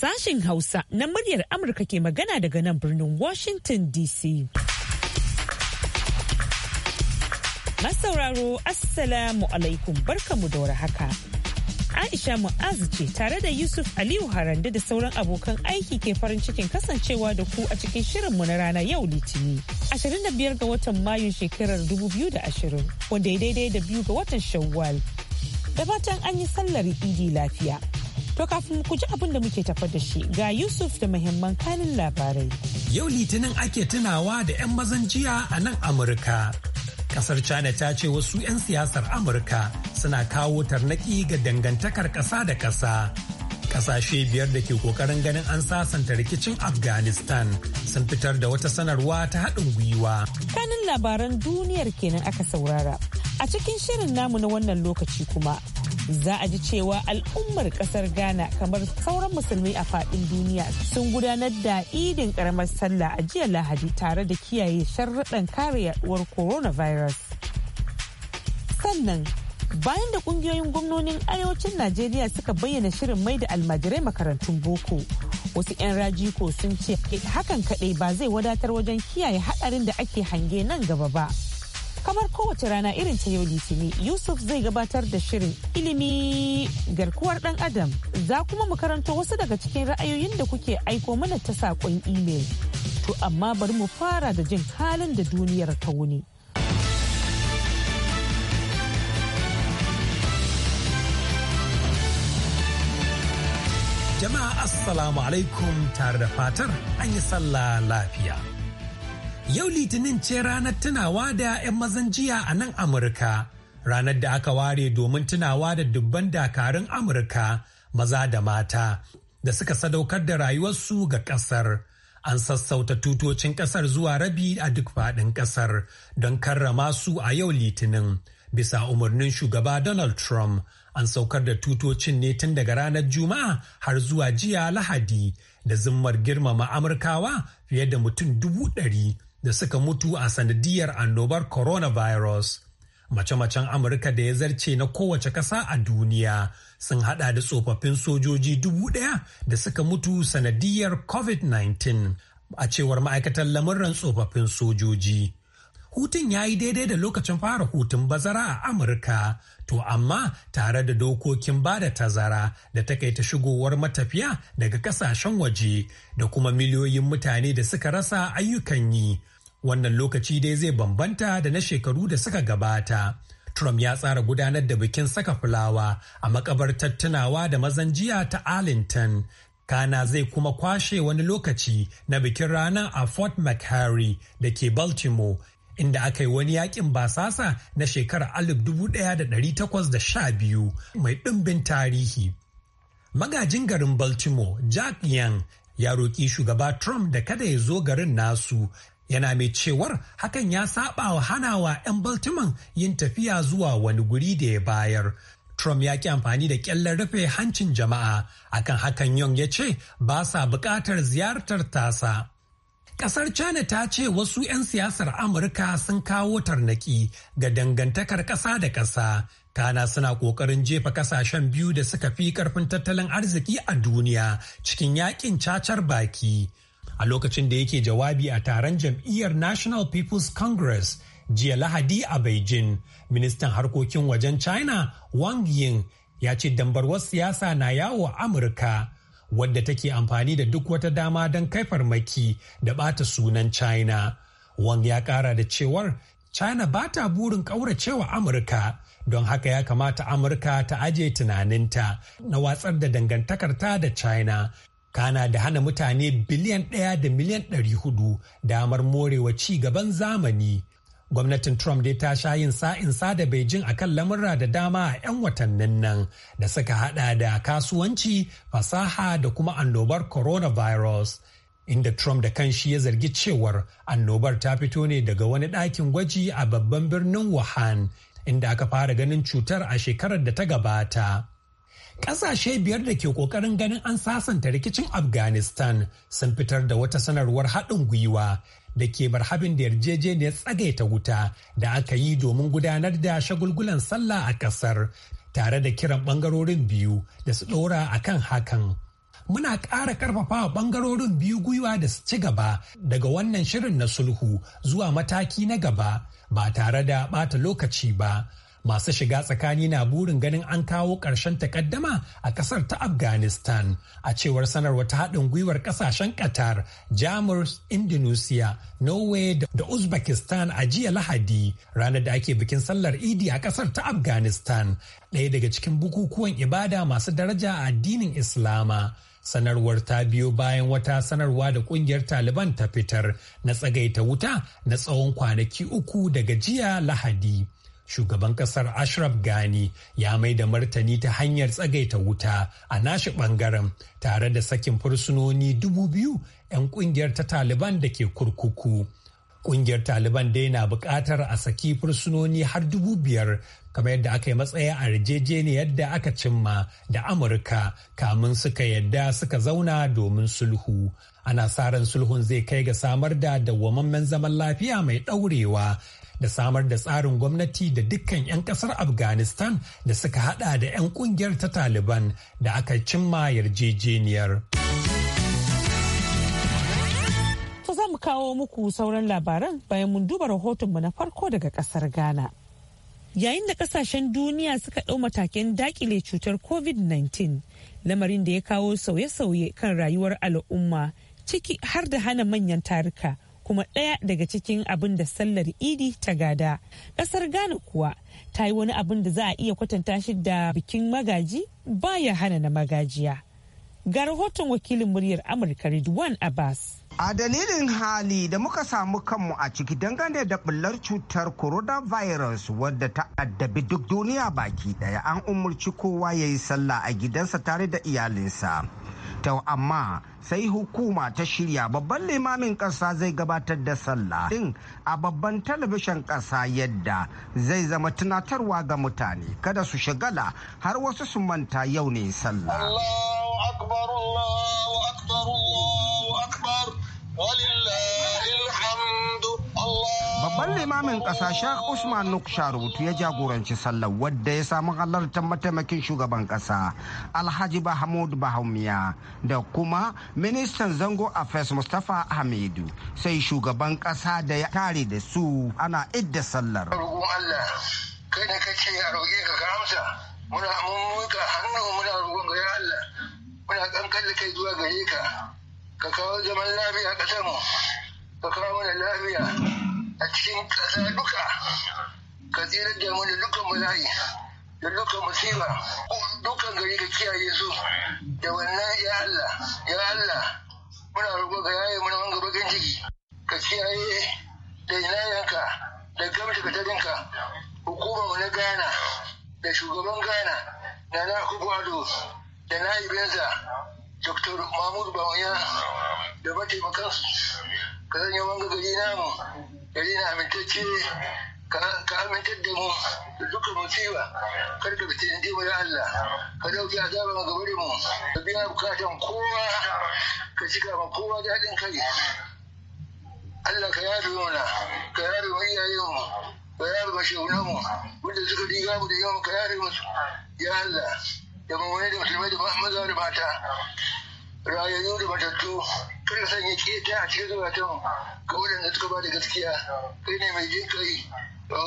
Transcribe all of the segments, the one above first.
Sashen Hausa na muryar Amurka ke magana daga nan birnin Washington DC. Masauraro Assalamu alaikum barkamu da haka. Aisha Mu'azu ce tare da Yusuf Aliyu Harande da sauran abokan aiki ke farin cikin kasancewa da ku a cikin shirinmu na rana yau Litini. 25 ga watan Mayu shekarar 2020 wanda ya daidai da biyu ga watan Shawwal. Da fatan an yi sallar idi lafiya. To kafin ku ji abin da muke tafa da shi ga Yusuf da muhimman kanin labarai. Yau Litinin ake tunawa da 'yan mazan jiya a nan Amurka. Kasar China ta ce wasu 'yan siyasar Amurka suna kawo tarnaki ga dangantakar ƙasa da ƙasa. Ƙasashe biyar da ke kokarin ganin an sasanta rikicin Afghanistan sun fitar da wata sanarwa ta haɗin gwiwa. Kanin labaran duniyar kenan aka saurara. A cikin shirin namu na wannan lokaci kuma za a ji cewa al'ummar kasar ghana kamar sauran musulmi a faɗin duniya sun gudanar da idin karamar sallah a jiya lahadi tare da kiyaye sharruɗan kare yaduwar coronavirus sannan bayan da kungiyoyin gwamnonin arewacin najeriya suka bayyana shirin mai da almajirai makarantun boko wasu 'yan rajiko sun ce hakan kaɗai ba zai wadatar wajen kiyaye haɗarin da ake hange nan gaba ba kamar kowace rana irin ta yau litinin yusuf zai gabatar da shirin ilimi garkuwar dan adam za kuma mu karanto wasu daga cikin ra'ayoyin da kuke aiko mana ta saƙon imel to amma bari mu fara da jin halin da duniyar ta wuni jama'a assalamu alaikum tare da fatar an yi sallah lafiya Yau Litinin ce ranar tunawa da 'yan mazan jiya a nan Amurka, ranar da aka ware domin tunawa da dubban dakarun Amurka maza da mata da suka sadaukar da rayuwarsu ga ƙasar. An sassauta tutocin ƙasar zuwa rabi a duk faɗin ƙasar don karrama su a yau Litinin. Bisa umarnin shugaba Donald Trump, an saukar da tutocin ne tun daga ranar Juma'a har zuwa jiya Lahadi da zimmar girmama Amurkawa fiye da mutum dubu ɗari da suka mutu a sanadiyar annobar coronavirus. Mace-macen Amurka da ya zarce na kowace ƙasa a duniya sun hada da tsofaffin sojoji dubu ɗaya da suka mutu sanadiyar COVID-19 a cewar ma'aikatar lamurran tsofaffin sojoji. Hutun ya yi daidai da lokacin fara hutun bazara a Amurka, to amma tare da dokokin ba da tazara da takaita shigowar matafiya daga kasashen waje da kuma miliyoyin mutane da suka rasa ayyukan yi. Wannan lokaci dai zai bambanta da na shekaru da suka gabata. Trump ya tsara gudanar da bikin saka fulawa a makabartar tunawa da mazan jiya ta Arlington. Kana zai kuma kwashe wani lokaci na bikin rana a Fort McHenry da ke Baltimore, inda aka yi wani yakin basasa na shekarar 1812 mai ɗumbin tarihi. Magajin garin Baltimore, Jack Young, ya roƙi shugaba Trump da kada ya zo garin nasu yana mai cewar hakan ya saba wa hanawa 'yan baltiman yin tafiya zuwa wani guri da ya bayar trump ya ki amfani da kyallar rufe hancin jama'a akan hakan yong ya ce ba sa bukatar ziyartar tasa Kasar China ta ce wasu 'yan siyasar Amurka sun kawo tarnaki ga dangantakar ƙasa da ƙasa. Kana suna ƙoƙarin jefa ƙasashen biyu da suka fi ƙarfin tattalin arziki a duniya cikin yakin cacar baki. a lokacin da yake jawabi a taron jam'iyyar national people's congress jiya lahadi a beijing ministan harkokin wajen china wang ying ya ce dambarwar siyasa na yawo a amurka wadda take amfani da duk wata dama don kai farmaki da bata sunan china wang ya kara da cewar china ba ta burin kauracewa amurka don haka ya kamata amurka ta ajiye tunaninta na watsar da dangantakarta da china kana da hana mutane biliyan ɗaya da miliyan ɗari hudu damar morewa ci gaban zamani. Gwamnatin Trump dai ta sha yin sa'insa da Beijing a kan lamurra da dama a 'yan watannin nan da suka hada da kasuwanci, fasaha da kuma annobar coronavirus. Inda Trump da kan shi ya zargi cewar annobar ta fito ne daga wani ɗakin gwaji a babban birnin Wuhan, inda aka fara ganin cutar a shekarar da ta gabata. Ƙasashe biyar da ke ƙoƙarin ganin an sasanta rikicin Afghanistan sun fitar da wata sanarwar haɗin gwiwa da ke habin da yarjejeniyar tsagaita wuta da aka yi domin gudanar da shagulgulan sallah a ƙasar tare da kiran ɓangarorin biyu da su ɗora a kan hakan. Muna ƙara ƙarfafa ɓangarorin biyu gwiwa da su ci gaba daga wannan shirin na sulhu zuwa mataki na gaba ba tare da ɓata lokaci ba. masu shiga tsakani na burin ganin an kawo ƙarshen takaddama a ƙasar ta afghanistan a cewar sanarwa ta haɗin gwiwar ƙasashen qatar jamus indonesia norway da uzbekistan a jiya lahadi ranar da ake bikin sallar idi a ƙasar ta afghanistan ɗaya daga cikin bukukuwan ibada masu daraja a addinin islama sanarwar ta biyo bayan wata sanarwa da kungiyar taliban ta fitar na tsagaita wuta na tsawon kwanaki uku daga jiya lahadi shugaban kasar ashraf gani ya mai da martani ta hanyar tsagaita wuta a nashi bangaren tare da sakin fursunoni dubu biyu 'yan kungiyar ta taliban da ke kurkuku kungiyar taliban dai na buƙatar a saki fursunoni har dubu biyar kamar yadda aka yi matsaya a yarjejeniyar da aka cimma da amurka kamun suka yadda suka zauna domin sulhu ana sa ran sulhun zai kai ga samar da dawwamammen zaman lafiya mai ɗaurewa da samar da tsarin gwamnati da dukkan 'yan kasar afghanistan da suka hada da 'yan kungiyar ta taliban da aka cimma yarjejeniyar za mu kawo muku sauran labaran bayan mun duba rahoton mu na farko daga kasar ghana yayin da kasashen duniya suka ɗau matakin dakile cutar covid-19 lamarin da ya kawo sauye-sauye kan rayuwar al'umma ciki har da hana manyan tarika kuma ɗaya daga cikin abin da sallar idi ta gada ƙasar ghana kuwa ta yi wani abin da za a iya kwatanta shi da bikin magaji ba ya hana na magajiya ga rahoton wakilin muryar amurka ridwan abbas A dalilin hali da muka samu kanmu a ciki dangane da bullar cutar coronavirus wadda ta addabi duk duniya baki daya an umarci kowa ya yi sallah a gidansa tare da iyalinsa. to amma sai hukuma ta shirya babban limamin ƙasa zai gabatar da sallah din a babban talabishin ƙasa yadda zai zama tunatarwa ga mutane kada su shagala har wasu su manta yau ne sallah Babban limamin ƙasa Sheikh Usman Nuksha rubutu ya jagoranci sallar wadda ya samu halartar mataimakin shugaban ƙasa Alhaji Bahamud Bahaumiya da kuma ministan zango affairs Mustapha Hamidu sai shugaban ƙasa da ya tare da su ana idda sallar. ne a amsa muna mun hannu muna roƙon ga Allah muna kankan kai zuwa gare ka ka kawo zaman lafiya a ƙasar mu ka kawo mana lafiya a cikin ƙasa duka ka tsira da mu da dukkan bala'i da dukkan musiba dukkan gari ka kiyaye su da wannan ya Allah ya Allah muna roƙo ka yaye mana wanga bakin ciki ka kiyaye da inayanka da gamshi ka tarinka hukumar na Ghana da shugaban Ghana na na da na ibinsa Dr. Mahmud Bawanya da mataimakansu ka zanya wanga gari mu, gari na amintacce ka amintar da mu da dukkan musiba kar ka fita da ya Allah ka dauki azaban ga gaba mu ka biya bukatan kowa ka cika ma kowa daɗin kai Allah ka yafe mana ka yafe mu iyayen mu ka yafe mu shehunan mu wanda suka riga mu da yawan ka yafe musu ya Allah da mu wani da musulmai da maza da mata rayayyu da matattu kada sanya keta a cikin zukatan ga waɗanda suka ba da gaskiya kai ne mai jin kai ba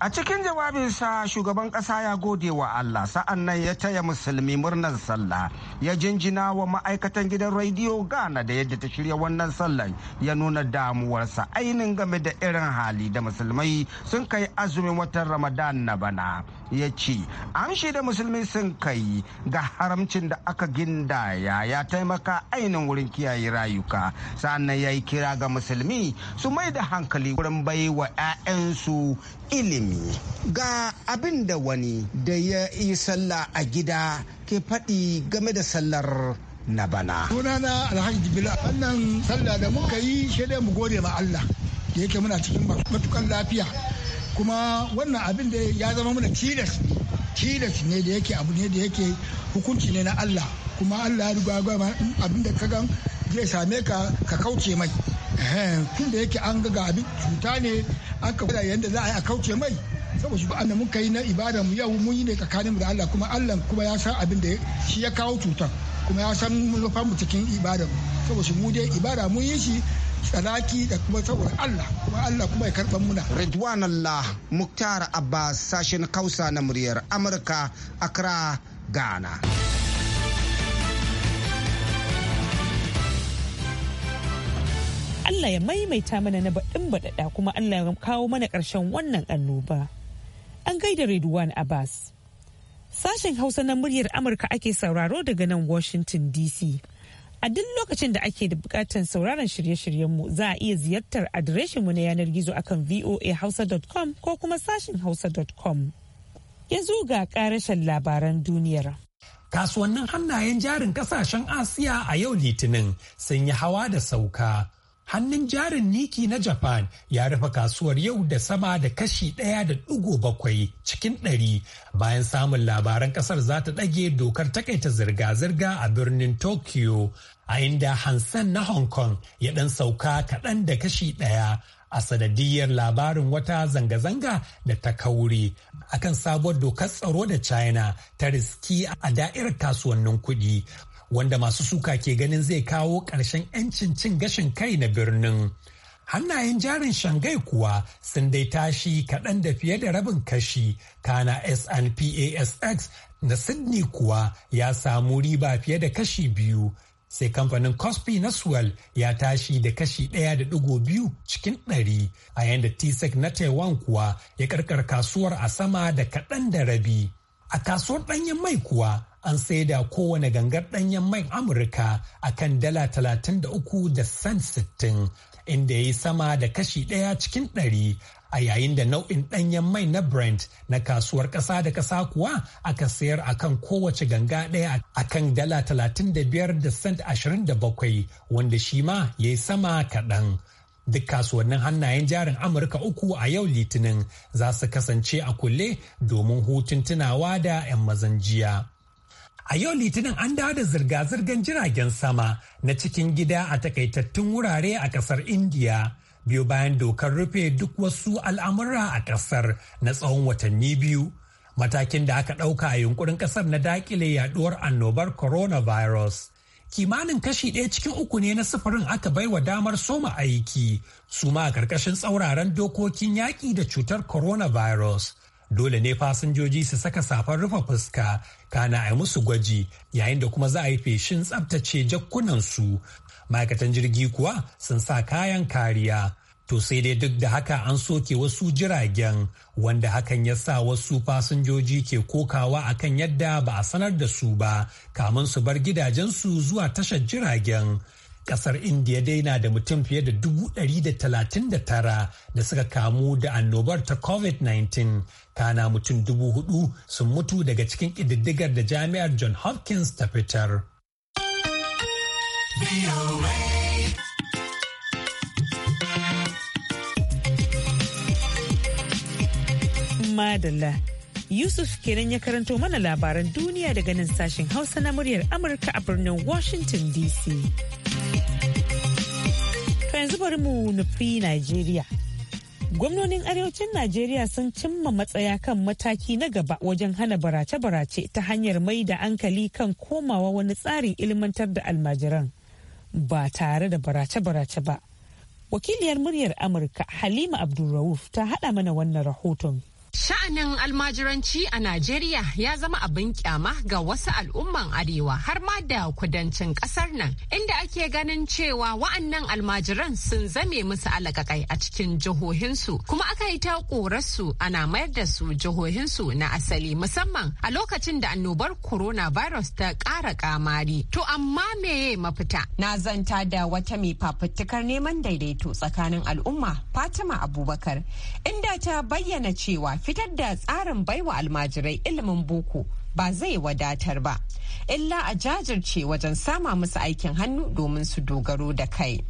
A cikin jawabinsa shugaban ƙasa ya gode wa Allah sa'an nan ya taya musulmi murnar sallah ya jinjina wa ma'aikatan gidan rediyo gana da yadda ta shirya wannan sallah, ya nuna damuwarsa ainihin game da irin hali da musulmai sun kai azumin watan Ramadan na bana. Ya ce, amshi da musulmi sun kai ga haramcin da aka gindaya ya taimaka ainihin wurin kiyaye rayuka sannan ya yi kira ga musulmi su mai da hankali wurin baiwa 'ya'yansu ilimi. ga abin da wani da ya yi sallah a gida ke faɗi game da sallar na bana. Sunana Alhaji Bila wannan sallah da muka yi shi mu gode ma Allah da yake muna cikin matukan lafiya kuma wannan abin da ya zama muna tilas tilas ne da yake abu ne da yake hukunci ne na Allah kuma Allah ya riga abin da ka gan zai same ka ka kauce mai. tun da yake an ga abin cuta ne aka gwada yadda za a yi a kauce mai saboda shi ba'an da muka yi na ibada mu yau mun yi ne tsakanin mu da Allah kuma Allah kuma ya san abin da shi ya kawo cutar kuma ya san manufar mu cikin ibada mu saboda shi mu dai ibada mun yi shi tsanaki da kuma saboda Allah kuma Allah kuma ya karɓar muna. Ridwan Allah Muktar Abbas sashen Kausa na muryar Amurka Accra Ghana. Allah ya maimaita mana na baɗin baɗaɗa kuma Allah ya kawo mana ƙarshen wannan annoba. An gaida Redwan Abbas. Sashen Hausa na muryar Amurka ake sauraro daga nan Washington DC. A duk lokacin da ake da bukatar sauraron shirye-shiryenmu za a iya ziyartar adireshinmu na yanar gizo akan voahausa.com ko kuma sashen hausa.com. Yanzu ga karashen labaran duniyar. Kasuwannin hannayen jarin kasashen Asiya a yau Litinin sun yi hawa da sauka hannun jarin niki na japan ya rufe kasuwar yau da sama da kashi ɗaya da ɗigo bakwai cikin ɗari bayan samun labaran ƙasar za ta ɗage dokar takaita zirga-zirga a birnin tokyo a inda hansan na hong kong ya ɗan sauka kaɗan da kashi ɗaya a sanadiyar labarin wata zanga-zanga da ta kauri akan sabuwar dokar tsaro da china ta riski a da'irar kasuwannin kuɗi wanda masu suka ke ganin zai kawo ƙarshen 'yancin cin gashin kai na birnin. Hannayen jarin Shangai kuwa sun dai tashi kaɗan da fiye da rabin kashi, kana SNPASX na Sydney kuwa ya samu riba fiye da kashi biyu. Sai kamfanin Cosby na Swell ya tashi da kashi ɗaya da ɗigo biyu cikin ɗari, a yadda TSEC na Taiwan kuwa ya karkar kasuwar a sama da kaɗan da rabi. A kasuwar ɗanyen mai kuwa an da kowane gangar ɗanyen mai Amurka a kan dala 33 da san 60 inda ya yi sama da kashi ɗaya cikin ɗari a yayin da nau'in ɗanyen mai na Brent na kasuwar ƙasa da ƙasa kuwa aka sayar a kan kowace ganga ɗaya a kan dala 35 da cent 27 wanda shi ma ya yi sama kaɗan. Duk kasuwannin hannayen jarin Amurka uku a yau Litinin za su kasance a kulle domin hutun tunawa da 'yan mazan jiya. A yau Litinin an dawo da zirga-zirgar jiragen sama na cikin gida a takaitattun wurare a kasar Indiya. Biyu bayan dokar rufe duk wasu al'amura a kasar na tsawon watanni biyu. Matakin da aka ɗauka a yunkurin kasar na dakile yaduwar annobar coronavirus. Kimanin kashi ɗaya cikin uku ne na sufurin aka baiwa damar soma aiki, su ma a ƙarƙashin tsauraran dokokin yaƙi da cutar coronavirus. dole ne fasinjoji su saka safar rufe fuska kana a musu gwaji yayin da kuma za a yi feshin tsabtace jakkunansu ma'aikatan jirgi kuwa sun sa kayan kariya to sai dai duk da haka an soke wasu jiragen wanda hakan ya sa wasu fasinjoji ke kokawa a kan yadda ba a sanar da su ba kamun su bar gidajensu zuwa tashar jiragen Kasar India dai na da mutum fiye da dubu ɗari da talatin da tara da suka kamu da annobar ta COVID-19. Kana mutum dubu hudu sun mutu daga cikin ƙididdigar da jami'ar John Hopkins ta fitar. Madalla Yusuf kenan ya karanto mana labaran duniya daga nan sashen Hausa na muryar Amurka a birnin Washington DC. yanzu bari mu nufi Najeriya. Gwamnonin arewacin Najeriya sun cimma matsaya kan mataki na gaba wajen hana barace-barace ta hanyar mai da ankali kan komawa wani tsarin ilmantar da almajiran ba tare da barace-barace ba. Wakiliyar muryar Amurka Halima Abdulrauf ta haɗa mana wannan rahoton. Sha'anin almajiranci a Najeriya ya zama abin kyama ga wasu al'umman arewa har ma da kudancin kasar nan inda ake ganin cewa wa'annan almajiran sun zame musu alakakai a cikin jihohinsu kuma aka yi ta korarsu ana mayar da su jihohinsu na asali musamman a lokacin da annobar coronavirus ta ƙara kamari. To amma meye mafita? Na zanta da wata mai fafutukar neman daidaito tsakanin al'umma Fatima Abubakar inda ta bayyana cewa fitar da tsarin baiwa almajirai ilimin boko ba zai wadatar ba illa a jajirce wajen sama musu aikin hannu domin su dogaro da kai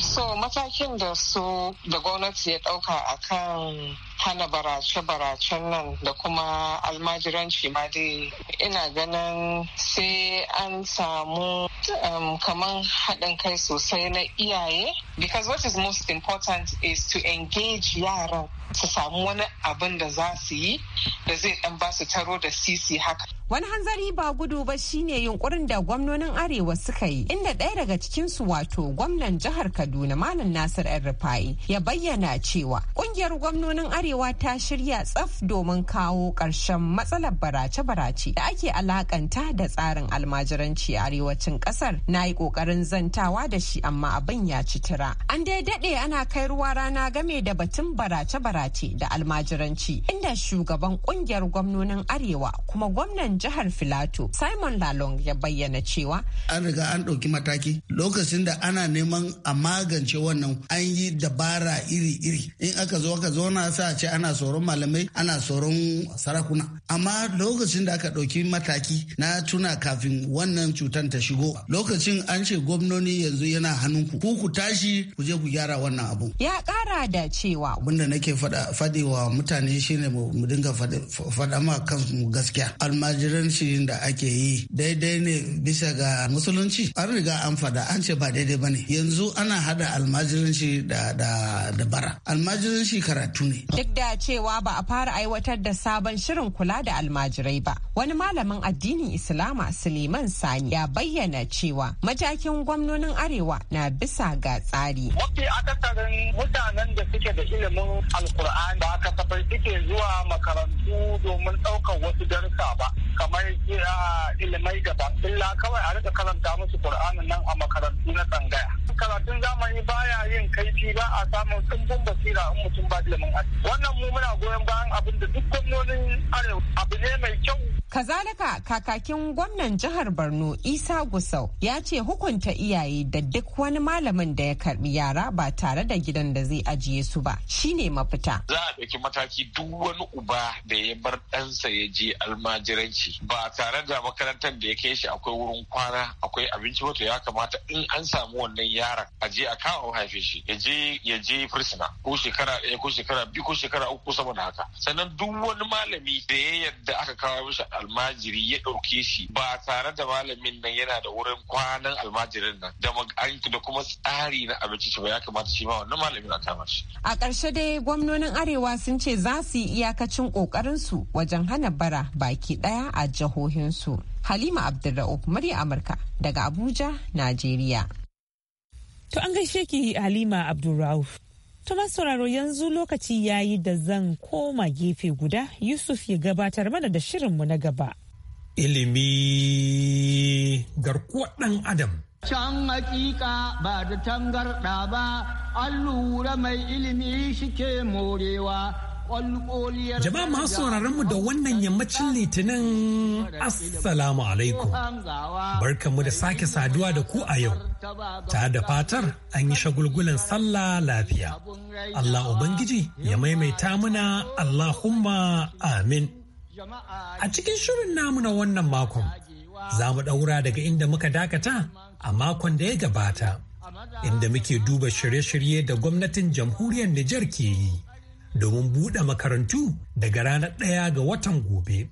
so matakin da su da gwamnati ya dauka akan hana barace-baracen nan da kuma almajiranci ma dai ina ganin sai an samu um, kaman haɗin kai sosai na iyaye because what is most important is to engage yaran su samu wani abin da za su yi da zai ɗan ba su taro da sisi haka wani hanzari ba gudu ba shine yunkurin da gwamnonin arewa suka yi inda ɗaya daga cikinsu wato gwamnan jihar kaduna malam nasir rufa'i ya bayyana cewa ƙungiyar gwamnonin arewa arewa ta shirya tsaf domin kawo karshen matsalar barace-barace da ake alakanta da tsarin almajiranci a arewacin ƙasar na yi ƙoƙarin zantawa da shi amma abin ya ci tura an dai daɗe ana kai ruwa rana game da batun barace-barace da almajiranci inda shugaban ƙungiyar gwamnonin arewa kuma gwamnan jihar filato simon lalong ya bayyana cewa an riga an ɗauki mataki lokacin da ana neman a magance wannan an yi dabara iri-iri in aka zo aka zo na sa ce ana tsoron malamai ana tsoron sarakuna amma lokacin da aka ɗauki mataki na tuna kafin wannan cutar ta shigo lokacin an ce gwamnoni yanzu yana hannun ku ku tashi ku je ku gyara wannan abu ya ƙara da cewa abinda nake faɗi wa mutane shine mu dinga faɗa ma kanmu gaskiya almajiranci da ake yi daidai ne bisa ga musulunci an riga an faɗa an ce ba daidai bane yanzu ana hada almajiranci da da da bara almajiranci karatu ne duk da cewa ba a fara aiwatar da sabon shirin kula da almajirai ba. Wani malamin addinin Islama Suleiman Sani ya bayyana cewa matakin gwamnonin Arewa na bisa ga tsari. Mafi akasarin mutanen da suke da ilimin Alkur'ani ba kasafai suke zuwa makarantu domin ɗaukar wasu darussa ba. kamar ilimai daban illa kawai a rika karanta musu Kur'anin nan a makarantu na tsangaya. Karatun zamani baya yin kaifi ba a samun tsumbun basira in mutum ba ilimin addini. wannan mu muna goyon bayan abin da duk gwamnonin arewa abu ne mai kyau Kazalika kakakin gwamnan jihar Borno Isa Gusau ya ce hukunta iyaye da duk wani malamin da ya karbi yara ba tare da gidan da zai ajiye su ba shine mafita. Za a ɗauki mataki duk wani uba da ya bar ɗansa ya je almajiranci ba tare da makarantar da ya kai shi akwai wurin kwana akwai abinci wato ya kamata in an samu wannan yaran a je a kawo haife shi ya je ya je ko shekara ɗaya ko shekara biyu ko shekara uku sama da haka sannan duk wani malami da ya yadda aka kawo mishi almajiri ya ɗauke shi ba tare da malamin nan yana da wurin kwanan almajirin nan da kuma tsari na abinci ba ya kamata shi ma wannan malamin a kama shi a ƙarshe dai gwamnonin arewa sun ce za su yi iyakacin ƙoƙarin su wajen hana bara baki ɗaya a jihohinsu halima abdulra'uf murya amurka daga abuja najeriya to an gaishe ki halima abdulra'uf Tumar sauraro yanzu lokaci yayi da zan koma gefe guda Yusuf ya gabatar mana da shirinmu na gaba. Ilimi garkuwa ɗan Adam. Can hakika ba da tangarɗa ba, an lura mai ilimi shike morewa Jama'a masu sauraron mu da wannan yammacin litinin Assalamu alaikum. Barkanmu da sake saduwa da ku a yau. Ta da fatar an yi shagulgulan sallah lafiya. Allah Ubangiji ya maimaita muna Allahumma amin. A cikin shirin namu na wannan makon, za mu ɗaura daga inda muka dakata a makon da ya gabata. Inda muke duba shirye-shirye da gwamnatin jamhuriyar Nijar ke yi. domin buɗe makarantu daga ranar ɗaya ga watan gobe.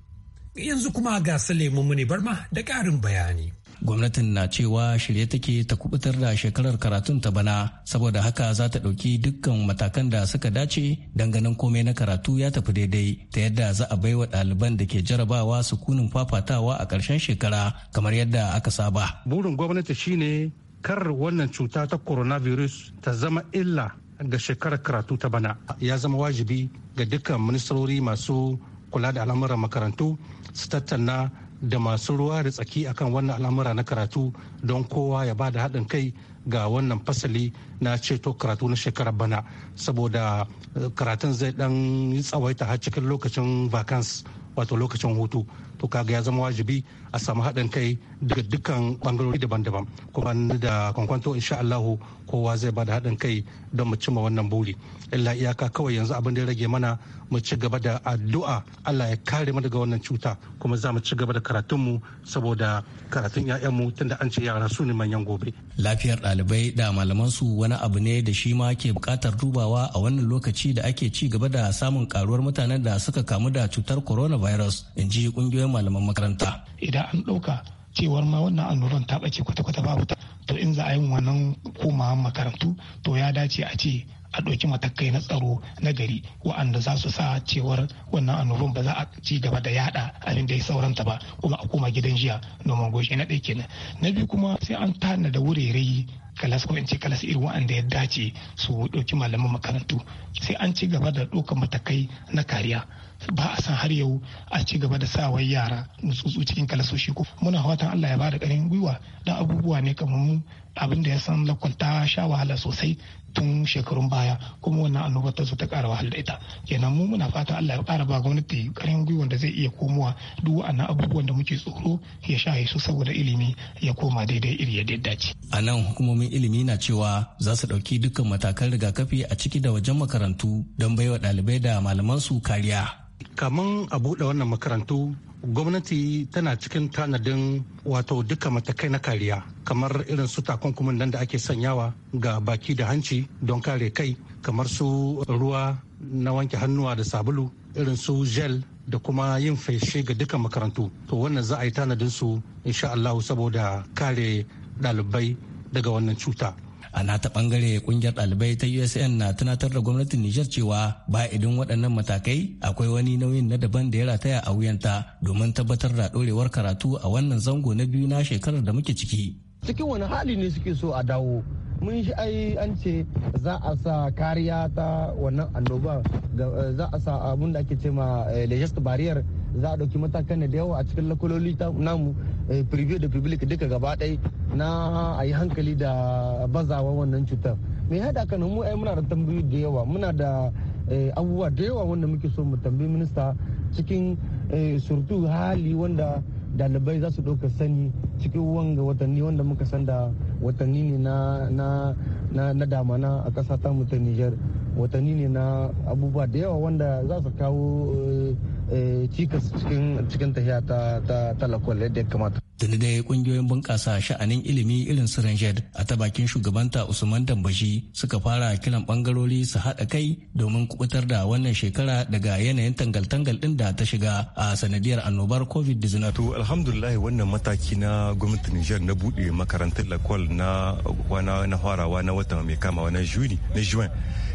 Yanzu kuma ga Salimu Muni Barma da ƙarin bayani. Gwamnatin na cewa shirye take ta kubutar da shekarar karatun ta bana saboda haka za ta ɗauki dukkan matakan da suka dace danganin komai na karatu ya tafi daidai ta yadda za a baiwa ɗaliban da ke jarabawa su sukunin fafatawa a ƙarshen shekara kamar yadda aka saba. Burin gwamnati shine kar wannan cuta ta coronavirus ta zama illa ga shekarar karatu ta bana ya zama wajibi ga dukkan ministrori masu kula da al'amuran makarantu su tattauna da masu ruwa da tsaki akan wannan al'amura na karatu don kowa ya ba da haɗin kai ga wannan fasali na ceto karatu na shekarar bana saboda eh, karatun zai ɗan tsawaita har cikin lokacin vacance wato lokacin hutu to kaga ya zama wajibi a samu haɗin kai daga dukkan bangarori daban-daban kuma da kwankwanto insha Allah kowa zai bada haɗin kai don mu cimma wannan buri illa iyaka kawai yanzu abin da ya rage mana mu ci gaba da addu'a Allah ya kare mu daga wannan cuta kuma za mu ci gaba da karatunmu saboda karatun 'ya'yanmu tunda an ce yara su ne manyan gobe lafiyar ɗalibai da malaman su wani abu ne da shi ma ke buƙatar dubawa a wannan lokaci da ake ci gaba da samun karuwar mutanen da suka kamu da cutar coronavirus in ji ƙungiyoyin malaman makaranta. Idan an ɗauka cewar ma wannan annoban ta ɓace kwata-kwata babu ta to in za a yi wannan komawa makarantu to ya dace a ce a ɗauki matakai na tsaro na gari wa'anda za su sa cewar wannan annoban ba za a ci gaba da yada abin da ya sauranta ba kuma a koma gidan jiya noman goshi na ɗaya kenan na biyu kuma sai an tana da wurare kalas ko in ce kalas irin wa'anda ya dace su ɗauki malaman makarantu sai an ci gaba da ɗaukar matakai na kariya ba a san har yau a ci gaba da sa wai yara nutsutsu cikin kalasoshi ko muna fatan Allah ya bada karin gwiwa don abubuwa ne kamar mu abin da ya san lakwalta sha wahala sosai tun shekarun baya kuma wannan annobar ta zo ta kara wahala da ita kenan mu muna fatan Allah ya kara ba gwamnati karin gwiwa da zai iya komowa duk wa'annan abubuwan da muke tsoro ya sha su saboda ilimi ya koma daidai iri ya dace. A nan hukumomin ilimi na cewa za su ɗauki dukkan matakan rigakafi a ciki da wajen makarantu don baiwa ɗalibai da malaman su kariya. kamar a buɗe wannan makarantu gwamnati tana cikin tanadin wato duka matakai na kariya kamar irin su takunkumin nan da ake sanyawa ga baki da hanci don kare kai kamar su ruwa na wanke hannuwa da sabulu irin su gel da kuma yin feshe ga duka makarantu to wannan za a yi tanadin su insha Allah saboda kare ɗalibai daga wannan cuta a nata bangare kungiyar ɗalibai ta usn na tunatar da gwamnatin niger cewa ba idan waɗannan matakai akwai wani nauyin na daban da ya rataya a wuyanta domin tabbatar da ɗorewar karatu a wannan zango na biyu na shekarar da muke ciki cikin wani hali ne suke so a dawo mun shi ai an ce za a sa kariya ta wannan annoba za a sa abun da ake ce ma eh, legist barrier za a ɗauki matakan da yawa a cikin lakwaloli namu eh, privy da public duka gaba ɗai na a yi hankali da bazawa wannan cutar mai haɗa kan mu ai muna da tambayoyi da yawa muna da eh, abubuwa da yawa wanda muke so mu tambayi minista cikin eh, surtu hali wanda dalibai za su ɗauka sani cikin wanga watanni wanda muka san da watanni ne na damana a ƙasa ta mu ta Nijar watanni ne na abubuwa da yawa wanda za su kawo Eh, cikas cikin cikin tafiya ta ta talakwal yadda ya kamata. Tuni kungiyoyin bunƙasa sha'anin ilimi irin su a ta bakin shugabanta Usman Dambashi suka fara kiran bangarori su haɗa kai domin kubutar da wannan shekara daga yanayin tangal-tangal ɗin da ta shiga a sanadiyar annobar COVID-19. To alhamdulillah wannan mataki na gwamnatin niger na buɗe makarantar lakwal na wana na farawa na watan mai kama na Juni na Juin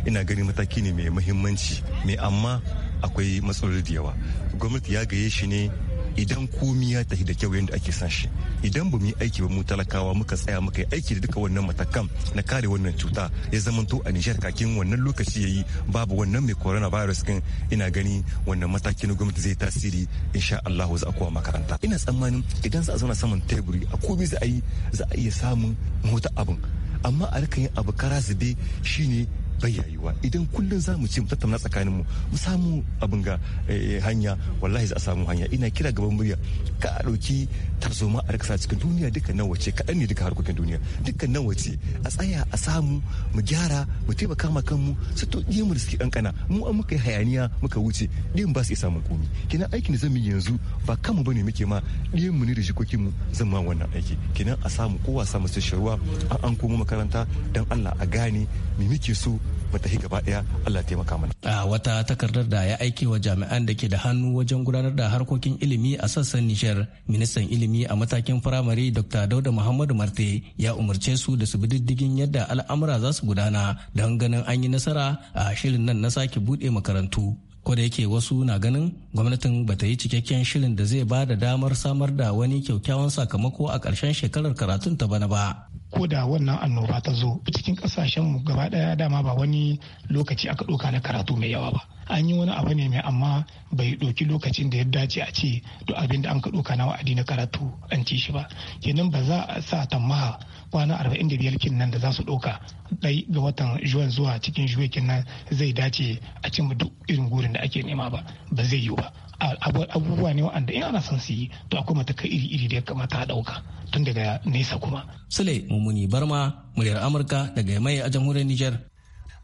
ina ganin mataki ne mai muhimmanci mai amma akwai matsaloli da yawa gwamnati ya gaye shi ne idan komi ya tafi da kyau yadda ake san shi idan ba mu yi aiki ba mu talakawa muka tsaya muka yi aiki da duka wannan matakan na kare wannan cuta ya zamanto a Nijar kakin wannan lokaci yayi babu wannan mai coronavirus kin ina gani wannan matakin gwamnati zai tasiri insha Allah za a kowa makaranta ina tsammanin idan za a zauna saman teburi a komi za a yi za a iya samun mota abin amma a rika yin abu kara zube shine bai idan kullum za mu ci mu tattauna tsakaninmu mu mu samu abin ga eh, hanya wallahi za a samu hanya ina kira gaban murya ka a ɗauki tarzoma a rikasa cikin duniya duka nan wace kaɗan ne duka harkokin duniya duka nan wace a tsaya a samu mu gyara mu taimaka ma kanmu su to mu da suke kankana mu an muka yi hayaniya muka wuce ɗiyan ba su iya samun komi kenan aikin da zamu yanzu ba kanmu bane muke ma ɗiyan mu ne da shikokin mu zan ma wannan aiki kenan a samu kowa samu sai sharuwa an an komo makaranta dan Allah a gane me muke so gaba daya Allah ya taimaka mana a wata takardar da ya aike wa jami'an da ke da hannu wajen gudanar da harkokin ilimi a sassan Nijar ministan ilimi a matakin firamare Dr. Dauda Muhammadu Marte ya umarce su da su bi diddigin yadda al'amura za su gudana don ganin an yi nasara a shirin nan na sake bude makarantu da yake wasu na ganin gwamnatin ba ta yi cikakken shirin da zai ba da damar samar da wani kyakkyawan sakamako a ƙarshen shekarar karatun ta bana ba ko da wannan annoba ta zo cikin kasashen mu gaba daya dama ba wani lokaci aka ɗauka na karatu mai yawa ba an yi wani abu ne mai amma bai doki lokacin da ya dace a ce to abin da an ka ɗauka na wa'adi na karatu an ci shi ba kenan ba za a sa tammaha kwana arba'in da biyar kin nan da za su ɗauka ɗai ga watan juwan zuwa cikin juwe kin nan zai dace a cimma duk irin gurin da ake nema ba ba zai yiwu ba abubuwa ne wa'anda in ana son su yi to akwai matakai iri-iri da ya kamata a ɗauka tun daga nesa kuma. Sule Mummuni Barma, muryar Amurka daga Yamai a jamhuriyar Nijar.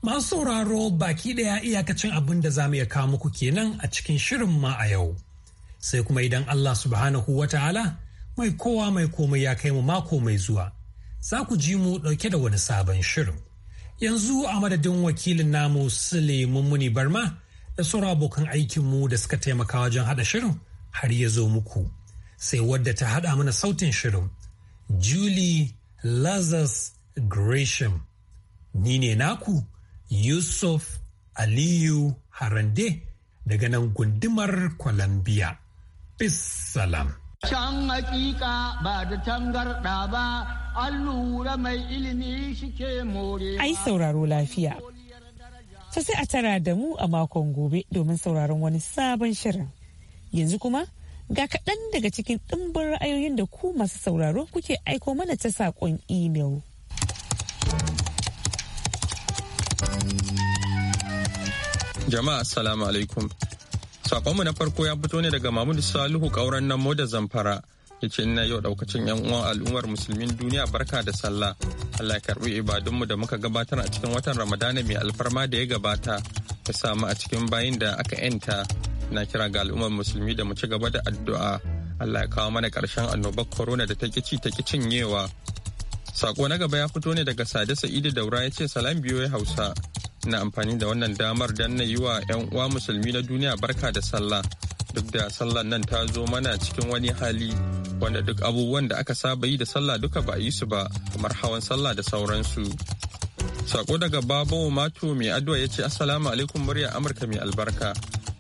Masu sauraro baki ɗaya iyakacin abin da za mu iya kawo muku kenan a cikin shirin ma a yau. Sai kuma idan Allah subhanahu wa ta'ala mai kowa mai komai ya kai mu mako mai zuwa. Za ku ji mu ɗauke da wani sabon shirin. Yanzu a madadin wakilin namu Sule Mummuni Barma, da sauran abokan aikinmu da suka taimaka wajen haɗa shirin har ya zo muku. Sai wadda ta haɗa mana sautin shirin, Julie Lazarus Gresham. Ni ne naku Yusuf Aliyu Harande daga nan gundumar Columbia. bisalam Can hakika ba da tangarɗa ba, an lura mai ilimi shi ke more. Ai sauraro lafiya. ta sai a tara da mu a makon gobe domin sauraron wani sabon shirin. Yanzu kuma ga kaɗan daga cikin ɗimbin ra'ayoyin da ku masu sauraro kuke aiko mana ta saƙon imel. Jama'a Assalamu alaikum. Sakonmu na farko ya fito ne daga mamudu Salihu ƙauren nan da Zamfara. Ya ce ina yau ɗaukacin 'yan uwan al'ummar musulmin duniya barka da sallah. Allah ya karbi ibadunmu da muka gabatar a cikin watan Ramadana mai alfarma da ya gabata ya samu a cikin bayin da aka yanta na kira ga al'ummar musulmi da mu ci gaba da addu'a Allah ya kawo mana karshen annobar corona da ta kici ta cinyewa. Sako na gaba ya fito ne daga Sade Sa'idu Daura ya ce salam biyo ya Hausa. Na amfani da wannan damar dan na yi wa 'yan uwa musulmi na duniya barka da sallah duk da sallar nan ta zo mana cikin wani hali wanda duk abubuwan da aka saba yi da sallah duka ba yi su ba kamar hawan sallah da sauransu sako daga babo mato mai addu'a ya ce assalamu alaikum murya amurka mai albarka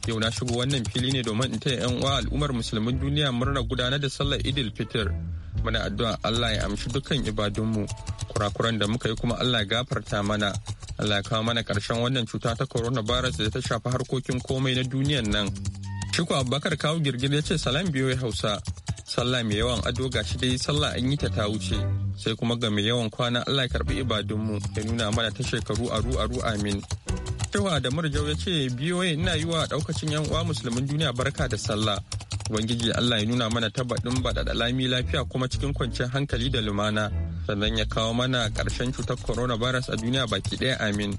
yau na shigo wannan fili ne domin in taya yan uwa al'ummar musulmin duniya murna gudanar da sallar idil fitir muna addu'a allah ya amshi dukkan ibadunmu kurakuran da muka yi kuma allah ya gafarta mana allah ya kawo mana karshen wannan cuta ta coronavirus da ta shafi harkokin komai na duniyan nan Shiku Abubakar kawo girgir ya ce salam biyo Hausa. Sallah mai yawan ado ga gashi dai sallah an yi ta ta wuce. Sai kuma ga mai yawan kwana Allah ya karbi ibadunmu ya nuna mana ta shekaru aru aru amin. Cewa da Murjau ya ce biyo ina yi wa daukacin yan uwa musulmin duniya barka da sallah. Ubangiji Allah ya nuna mana ba baɗaɗa lami lafiya kuma cikin kwanciyar hankali da lumana. Sannan ya kawo mana ƙarshen cutar coronavirus a duniya baki ɗaya amin.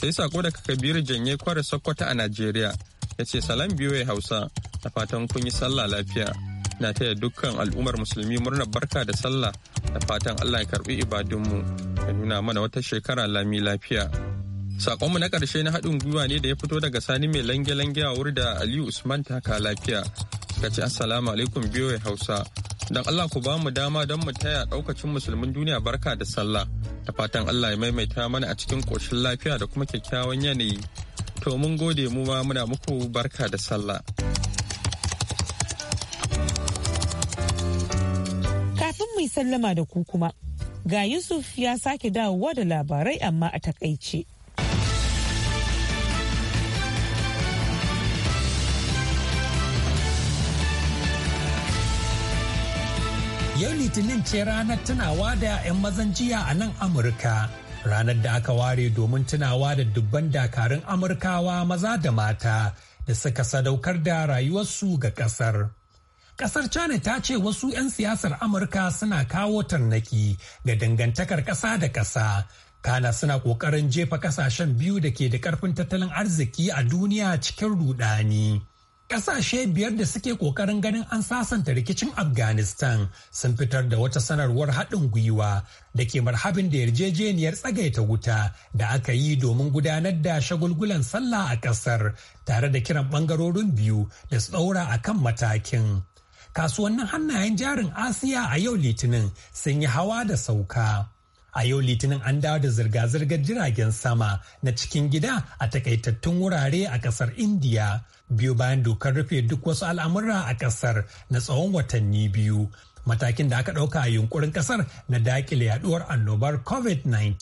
Sai sako da kakabiru janye kwara sakkwata a Najeriya. ya ce salam ya hausa da fatan kun yi sallah lafiya na taya dukkan al'ummar musulmi murnar barka da sallah da fatan allah ya karbi ibadunmu ya nuna mana wata shekara lami lafiya sakonmu na karshe na haɗin gwiwa ne da ya fito daga sani mai lange-lange a wuri da aliyu usman ta ka lafiya suka ce assalamu alaikum ya hausa don allah ku ba mu dama don mu taya ɗaukacin musulmin duniya barka da sallah da fatan allah ya maimaita mana a cikin ƙoshin lafiya da kuma kyakkyawan yanayi To mun gode mu ma muna muku barka da sallah. Kafin mai sallama da ku kuma, ga Yusuf ya sake dawowa da labarai amma a takaice. Yau Litinin ce ranar tunawa da 'yan mazan jiya a nan Amurka. ranar da aka ware domin tunawa da dubban dakarun amurkawa maza da mata da suka sadaukar da rayuwarsu ga kasar kasar china ta ce wasu 'yan siyasar amurka suna kawo tarnaki ga dangantakar ƙasa da ƙasa kana suna ƙoƙarin jefa ƙasashen biyu da ke da ƙarfin tattalin arziki a duniya cikin rudani. Ƙasashe biyar da suke ƙoƙarin ganin an sasanta rikicin Afghanistan sun fitar da wata sanarwar haɗin gwiwa da ke marhabin da yarjejeniyar tsagaita wuta da aka yi domin gudanar da shagulgulan sallah a ƙasar tare da kiran ɓangarorin biyu da su ɗaura a kan matakin. Kasuwannin hannayen jarin Asiya a yau Litinin sun yi hawa da sauka. a yau litinin an dawo da zirga-zirgar jiragen sama na cikin gida a takaitattun wurare a kasar indiya biyu bayan dokar rufe duk wasu al'amura a kasar na tsawon watanni biyu matakin da aka ɗauka a yunkurin kasar na dakile yaduwar annobar covid-19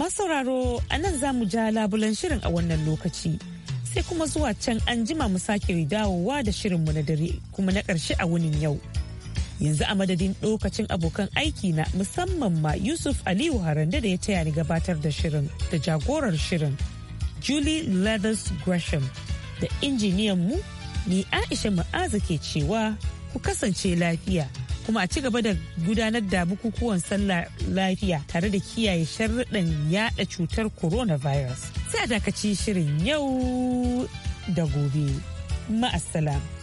masauraro a nan za mu ja labulan shirin a wannan lokaci sai kuma zuwa can an jima mu sake dawowa da shirinmu na dare kuma na ƙarshe a wunin yau yanzu a madadin lokacin abokan aiki na musamman ma yusuf aliyu harande da ya taya ni gabatar da shirin da jagorar shirin julie leathers gresham da injiniyan mu ni aisha ma'aza ke cewa ku kasance lafiya kuma a ci gaba da gudanar da bukukuwan sallah lafiya tare da kiyaye sharruɗan yaɗa cutar coronavirus sai a dakaci shirin yau da gobe ma'assalam.